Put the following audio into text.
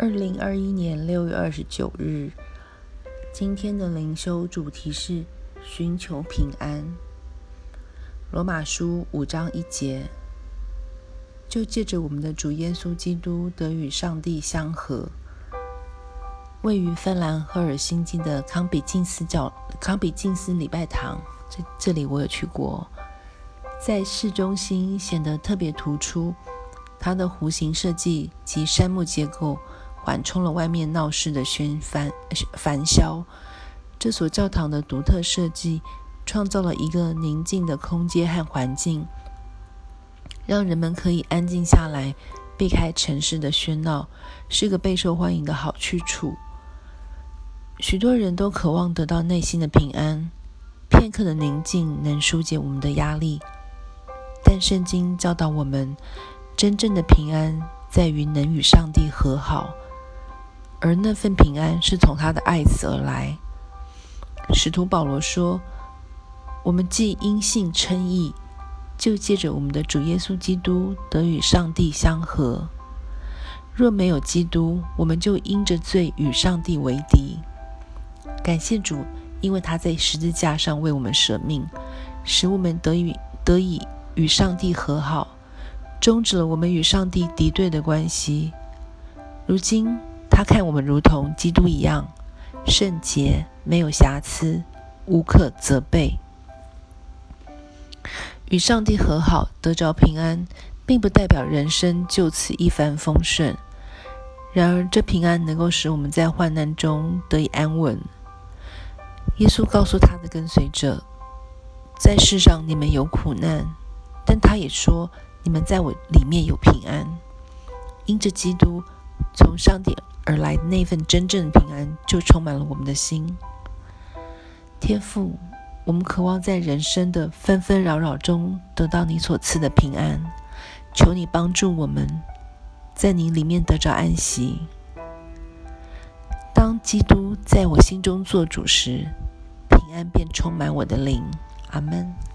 二零二一年六月二十九日，今天的靈修主題是尋求平安。羅馬書五章一節，就借着我們的主耶穌基督得與上帝相和。位於芬蘭赫爾辛基的康比靜思教康比靜思禮拜堂，這這裡我有去過，在市中心顯得特別突出。它的弧形設計及杉木結構。緩衝了外面鬧市的喧繁繁囂，這所教堂的獨特設計，創造了一個寧靜的空間和環境，讓人們可以安靜下來，避開城市的喧鬧，是個備受歡迎的好去處。許多人都渴望得到內心的平安，片刻的寧靜能紓解我們的壓力。但聖經教導我們，真正的平安在於能與上帝和好。而那份平安是從他的愛子而來。使徒保羅說：“我們既因信稱義，就借着我們的主耶穌基督得與上帝相和。若沒有基督，我們就因着罪與上帝為敵。感謝主，因為他在十字架上為我們捨命，使我們得以得以與上帝和好，終止了我們與上帝敵對的關係。如今。”他看我們如同基督一樣聖潔，沒有瑕疵，無可責備。與上帝和好，得着平安，並不代表人生就此一帆風順。然而，這平安能夠使我們在患難中得以安穩。耶穌告訴他的跟隨者：“在世上你們有苦難。”但他也說：“你們在我裡面有平安。”因着基督，從上帝而來的那份真正的平安，就充滿了我們的心。天父，我們渴望在人生的紛紛擾擾中得到你所賜的平安，求你幫助我們，在你裡面得着安息。當基督在我心中做主時，平安便充滿我的靈。阿門。